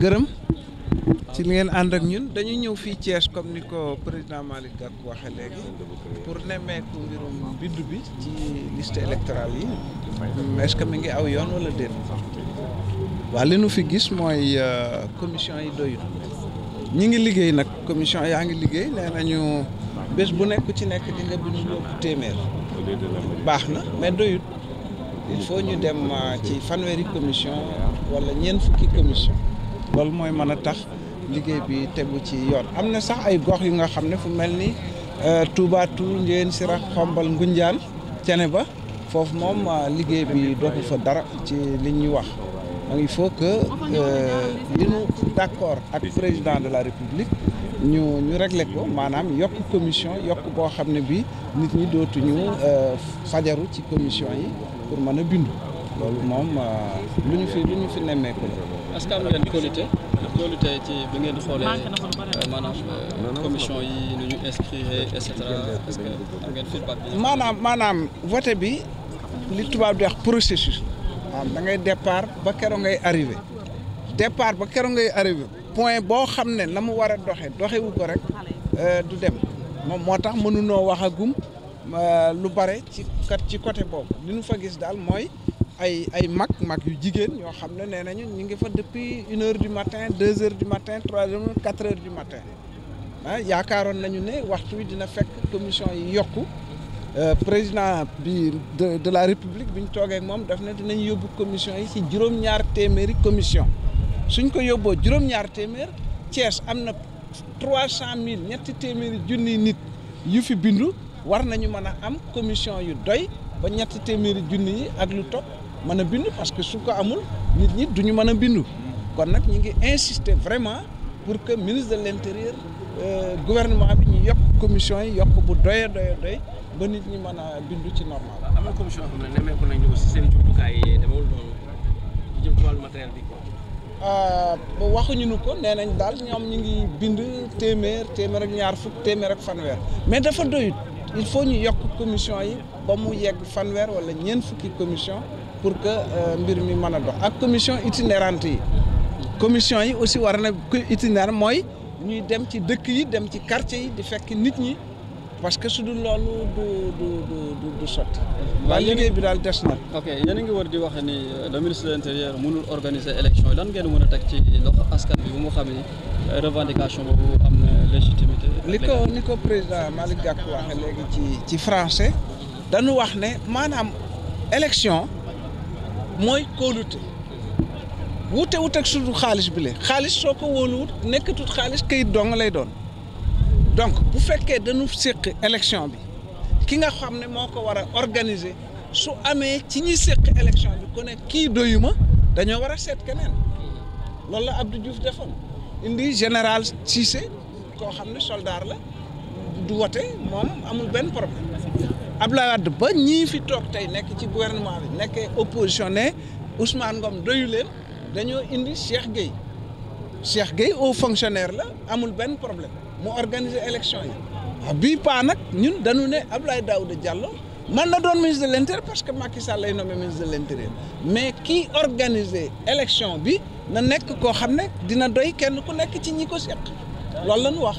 gërëm ci li ngeen ànd ak ñun dañu ñëw fii Thiès comme ni ko président Malick Gakou waxee léegi pour nemmeeku mbirum bindu bi ci liste électorale yi est-ce que mi ngi aw yoon wala déet waa li nu fi gis mooy euh, commission yi doyul ñi ngi liggéey nag commission yaa ngi liggéey nee nañu bés bu nekku ci nekk di nga bindu lu téeméer baax na mais doyut il faut ñu dem euh, ci fanweeri commission wala ñeent fukki commission loolu mooy mën a tax liggéey bi tegu ci yoon am na sax ay gox yu nga xam ne fu mel ni euh, Touba Toul Ndiéyène Sirakh Xombal Ngunjaan ba foofu moom euh, liggéey bi doxu fa dara ci li ñuy wax donc il faut que euh, li ñu d'accord ak président de la république ñu ñu réglé ko maanaam yokk commission yokk boo xam ne bi nit ñi dootuñu fajaru ci commission yi pour mën a bindu loolu moom euh, lu ñu fi lu ñu fi nemmeeku la. que am ngeen qualité qualité ci bi ngeen xoolee euh, maanaam euh, commission yi maanaam maanaam vote bi li tubaab di wax processus. waaw da ngay départ ba keroog ngay arrivé départ ba keroog ngay arrivé point boo xam ne la mu war a doxe doxewu ko rek du dem moom moo tax mënunoo wax a Euh, lu bare ci kat ci côté boobu li nu fa gis daal mooy ay ay mag mag yu jigéen ñoo xam ne nee nañu ñu ngi fa depuis une heure du matin deux heures du matin trois heures quatre heures du matin ah yaakaaroon nañu ne waxtu wi dina fekk commission yi yokku euh, président bi de de la république bi ñu toogee moom daf ne dinañ yóbbu commission yi ci juróom-ñaar téeméeri commission suñ ko yóbboo juróom-ñaar téeméer Thiès am na trois cent mille ñetti téeméeri junniy nit yu fi bindu. war nañu mën a am commission yu doy ba ñetti téeméeri junni yi ak lu topp man a bindu parce que su ko amul nit ñi duñu mën a bindu kon nag ñi ngi insister vraiment pour que ministre de l'intérieur euh, gouvernement bi ñu yokk commission yi yokk bu doyee doyee doy ba nit ñi mën a bindu ci normal. am na commission yoo xam ne nemmeeku nañu aussi seen jumtukaay yi demewul noonu ci jëm ci wàllu matériel euh, waxuñu nu ko nee nañ daal ñoom ñu ngi bind téeméer téeméer ak ñaar fukk téeméer ak fanweer mais dafa doyut. il faut ñu yokk commission yi ba mu yegg fanweer wala ñeent fukki commission pour que euh, mbir mi mën a dox ak commission itinérante yi commission yi aussi war na itinéraire mooy ñuy dem ci dëkk yi dem ci quartier yi di fekk nit ñi parce que su dul loolu du sot du du sotti. liggéey bi daal des na. ok ngi war di wax ni euh, le ministre de l'intérieur mënul organiser élection yi lan ngeen mën a teg ci loxo askan bi bu mu xam ni euh, revendication boobu am légitimité. li ko ni ko président Malick Gakou waxee léegi ci ci français dañu wax ne maanaam élection mooy kóolute wuute wut ak suñu xaalis bi la xaalis soo ko wóoluwut nekkatut xaalis kayit dong lay doon donc bu fekkee dañu séq élection bi ki nga xam ne moo ko war a organiser su amee ci ñi séq élection bi ku ne kii doyuma dañoo war a seet keneen loolu la Abdou Diouf defoon indi général Cissé koo xam ne soldat la du wote moom amul benn problème Abdoulaye Wade ba ñii fi toog tey nekk ci gouvernement bi nekkee opposition ne Ousmane Ngom doyu leen dañoo indi Cheikh Gueye Cheikh Gueye au fonctionnaire la amul benn problème mu organiser élection yi waaw ah, bii paa nag ñun dañu ne ab Abdoulaye Daouda Diallo man na doon ministre de parce que Macky Sall lay nommé ministre de mais kii organiser élection bi na nekk koo xam ne dina doy kenn ku nekk ci ñi ko seq loolu lañu wax.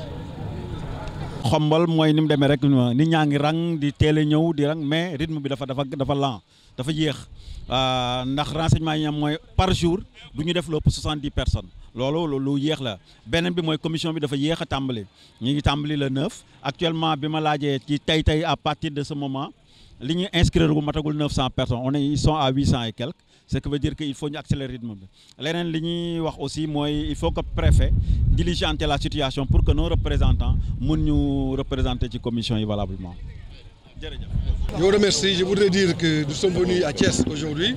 xombal mooy ni mu demee rek nit ñaa ngi rang di teel a ñëw di rang mais rytme bi dafa dafa dafa lent dafa yéex euh, ndax renseignement yi mooy par jour du ñu def lépp soixante-dix personnes loolu lu yéex la beneen bi mooy commission bi dafa yéex a tàmbali ñu ngi tàmbali le neuf actuellement bi ma laajee ci tey tey à partir de ce moment. li ñuy inscrire gu matagul 900 personnes on est ils sont à 800 et quelques ce qui veut dire que il faut ñu accélérer rythme bi leneen li ñuy wax aussi mooy il faut que préfet diligenter la situation pour que nos représentants mun ñu représenter ci commission y valablement jërëjëf. je vous remercie voudrais dire que nous sommes venus à Thiès aujourd'hui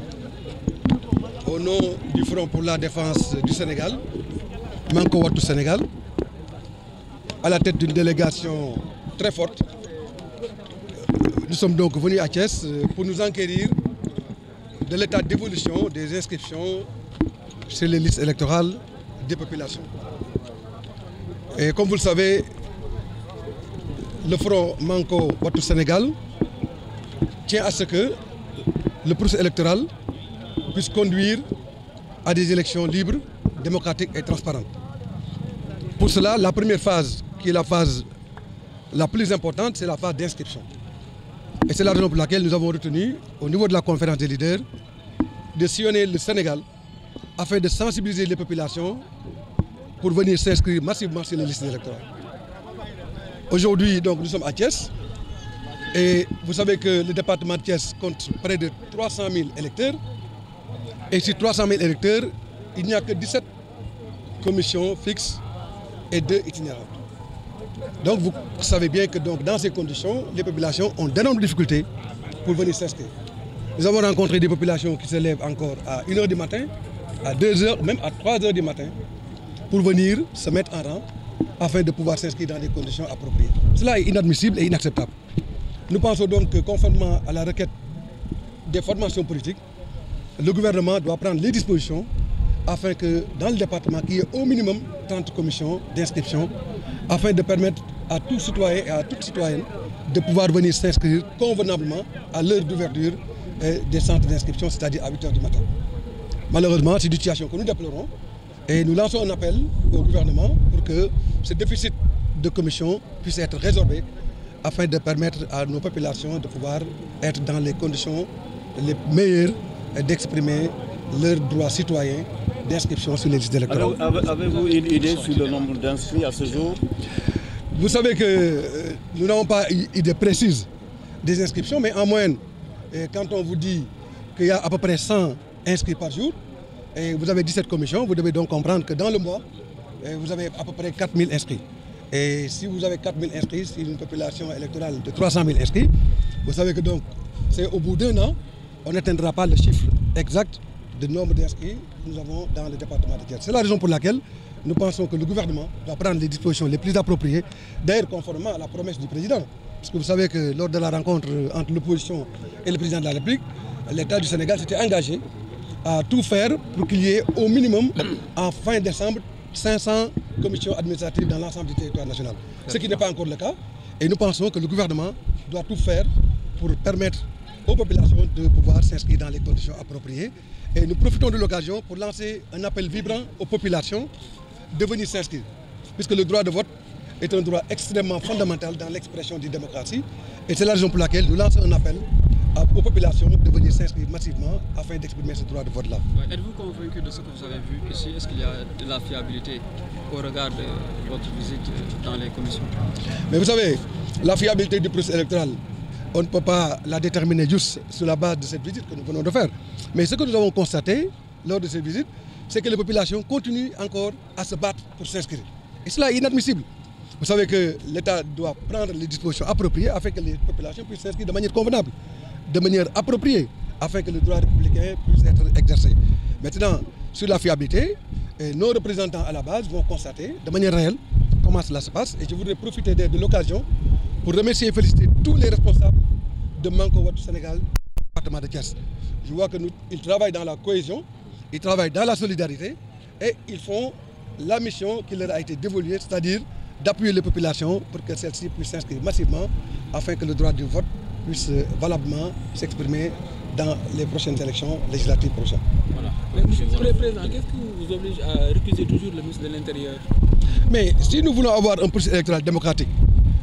au nom du Front pour la défense du Sénégal Manko Wattu Sénégal à la tête d'une délégation très forte. Nous sommes donc venus à Thiès euh, pour nous enquérir de l'état d'évolution des inscriptions sur les listes électorales des populations. Et comme vous le savez, le Front Manko Wattu Sénégal tient à ce que le processus électoral puisse conduire à des élections libres, démocratiques et transparentes. Pour cela, la première phase, qui est la phase la plus importante, c'est la phase d'inscription. Et c'est la raison pour laquelle nous avons retenu, au des leaders, de sillonner de sensibiliser les populations pour venir s'inscrire massivement sur les listes électorales. donc, nous sommes à Thiès. département de Thiès compte près de 300 000 électeurs. Et sur 300 000 électeurs, il n'y a que Donc vous savez bien que donc, dans ces conditions, les populations ont d'énormes difficultés pour venir s'inscrire. Nous avons rencontré des populations qui se encore à 1h du matin, à 2h, même à 3h du matin, pour venir se mettre en rang afin de pouvoir s'inscrire dans des conditions appropriées. Cela est inadmissible et inacceptable. Nous pensons donc que conformément à la requête des formations politiques, le gouvernement doit prendre les dispositions afin dans département, qu'il au minimum 30 commissions d'inscription afin de permettre à tout citoyen et à toute citoyenne de pouvoir venir s'inscrire convenablement à l'heure d'ouverture eh, des centres d'inscription, c'est-à-dire à 8 heures du matin. Malheureusement, c'est une que nous déplorons et nous lançons un appel au gouvernement pour que ce déficit de commission puisse être résorbé afin de permettre à nos populations de pouvoir dans les conditions les meilleures d'exprimer leurs droits citoyens d'inscription sur les listes électorales. Avez-vous une idée sur le nombre d'inscrits à ce jour? Vous savez que euh, nous n'avons pas une idée précise des inscriptions, mais en moyenne, euh, quand on vous dit qu'il y a à peu près 100 inscrits par jour, et vous avez 17 commissions, vous devez donc comprendre que dans le mois, euh, vous avez à peu près 4000 inscrits. Et si vous avez une population électorale de 300 000 inscrits, vous savez que donc c'est au bout d'un an, on n'atteindra pas de nombre d'inscrits que nous avons dans le département de Thiès. C'est la raison pour laquelle nous pensons que le gouvernement doit prendre les dispositions les plus appropriées, d'ailleurs conformément à la promesse du président. Parce que vous savez que lors de la rencontre entre l'opposition et le président de la République, l'État du Sénégal s'était engagé à tout faire pour qu'il y ait au minimum, en fin décembre, 500 commissions dans l'ensemble aux populations de pouvoir s'inscrire dans les conditions appropriées. Et nous profitons de l'occasion pour lancer un appel vibrant aux populations de venir s'inscrire, puisque le droit de vote est un droit extrêmement fondamental dans l'expression d'une démocratie. Et c'est la raison pour laquelle nous lançons un appel aux populations de venir s'inscrire massivement afin d'exprimer ce droit de vote-là. que vous avez a de la fiabilité au euh, Mais vous savez, la fiabilité du processus électoral on ne peut pas la déterminer juste sur la base de cette visite que nous venons de faire. Mais ce que nous avons constaté lors de cette visite, c'est que les populations continuent encore à se battre pour s'inscrire. Et cela est inadmissible. Vous savez que l'État doit prendre les dispositions appropriées afin que les populations puissent s'inscrire de manière convenable, de manière appropriée, afin que le droit républicain puisse être exercé. Maintenant, la fiabilité, euh, nos représentants à la base vont constater de manière pour remercier et féliciter tous les responsables de Manko Wattu Sénégal, département de Thiès. Je vois que nous, travaillent dans la cohésion, ils travaillent dans la solidarité et ils font la mission qui leur a été dévolue, c'est-à-dire d'appuyer les populations pour que celles-ci puissent s'inscrire massivement afin que le droit du vote puisse valablement s'exprimer dans les prochaines élections législatives prochaines. Mais si nous voulons avoir un processus électoral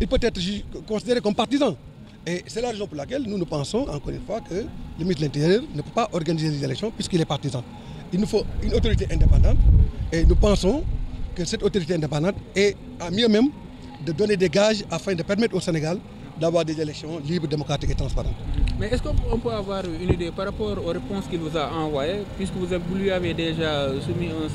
il peut être considéré comme partisan. Et c'est la raison pour laquelle nous, nous pensons, encore une fois, que le ministre de l'Intérieur ne peut pas organiser les élections puisqu'il est partisan. Il nous faut une autorité indépendante et nous pensons que cette autorité indépendante est à mieux même de donner des gages afin de permettre au Sénégal d'avoir des élections libres, démocratiques et transparentes. Mais est-ce qu'on peut avez déjà soumis un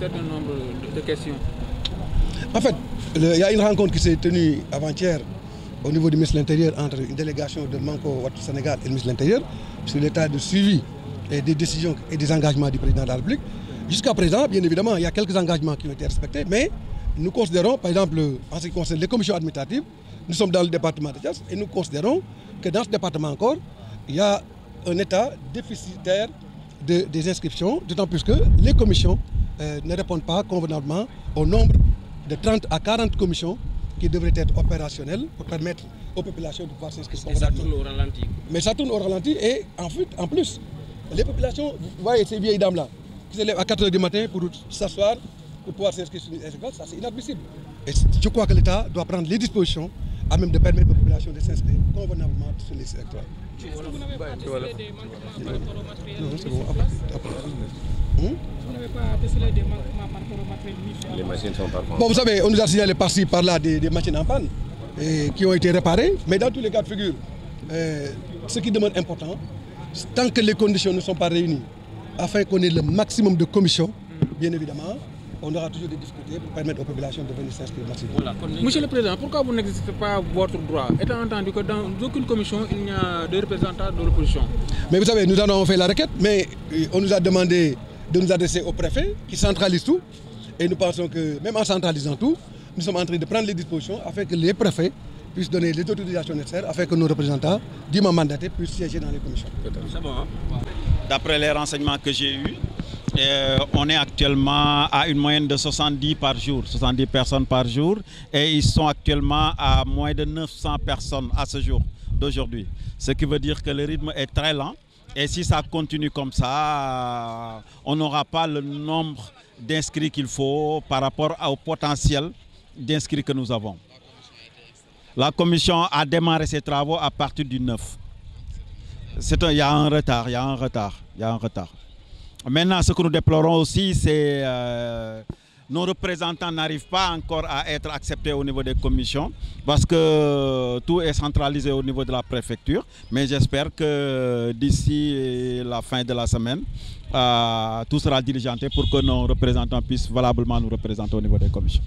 au niveau du ministre de l'Intérieur entre une délégation de Manco Wattu Sénégal et le ministre de l'Intérieur sur l'état de suivi et des décisions et des engagements du président de la République. Jusqu'à présent, bien évidemment, il y a quelques engagements qui ont été respectés, mais nous considérons, par exemple, en ce qui concerne les commissions administratives, nous sommes dans le département de Thiès et nous considérons que dans ce département encore, il les commissions euh, ne répondent pas convenablement au nombre de qui devrait être opérationnel pour permettre aux populations de voir ce qui se au ralenti. Mais ça tourne au ralenti et en fait, en plus, les populations, vous voyez vieilles dames-là, qui se à 4 heures du matin pour s'asseoir, pour pouvoir s'inscrire sur les écoles, convenablement sur les électorales. Est-ce que vous n'avez pas des manquements par rapport au Hmm? Les machines sont pas bon, vous savez, on nous a signalé par-ci, par-là des, machines en panne qui ont été réparées. Mais dans tous les cas de figure, euh, ce qui demande important, tant que les conditions ne sont pas réunies, afin qu'on ait le maximum de commissions, bien évidemment, on aura toujours des difficultés pour permettre aux populations de venir s'inscrire voilà. Monsieur le Président, pourquoi vous n'existez pas votre droit Étant entendu que dans aucune commission, il n'y a de représentants de l'opposition. Mais vous savez, nous en avons fait la requête, euh, de nous adresser au préfet qui centralise tout. Et nous pensons que même en centralisant tout, nous sommes en train de prendre les dispositions afin que les préfets puissent donner les autorisations nécessaires afin que nos représentants dûment mandatés puissent siéger dans euh, par jour, 70 personnes à moins de 900 personnes à ce jour d'aujourd'hui. Ce Et si ça continue comme ça, euh, on n'aura pas le nombre d'inscrits qu'il faut par rapport au potentiel d'inscrits que nous avons. La commission a démarré ses travaux à partir du 9. C'est il y a un retard, il y a un retard, il y a un retard. Maintenant, ce que nous déplorons aussi, c'est euh, nos représentants n'arrivent pas encore à être acceptés au niveau des commissions parce que tout est centralisé au niveau de la préfecture. Mais j'espère que d'ici la fin de la semaine, euh, tout sera diligenté pour que nos représentants puissent valablement nous représenter au niveau des commissions.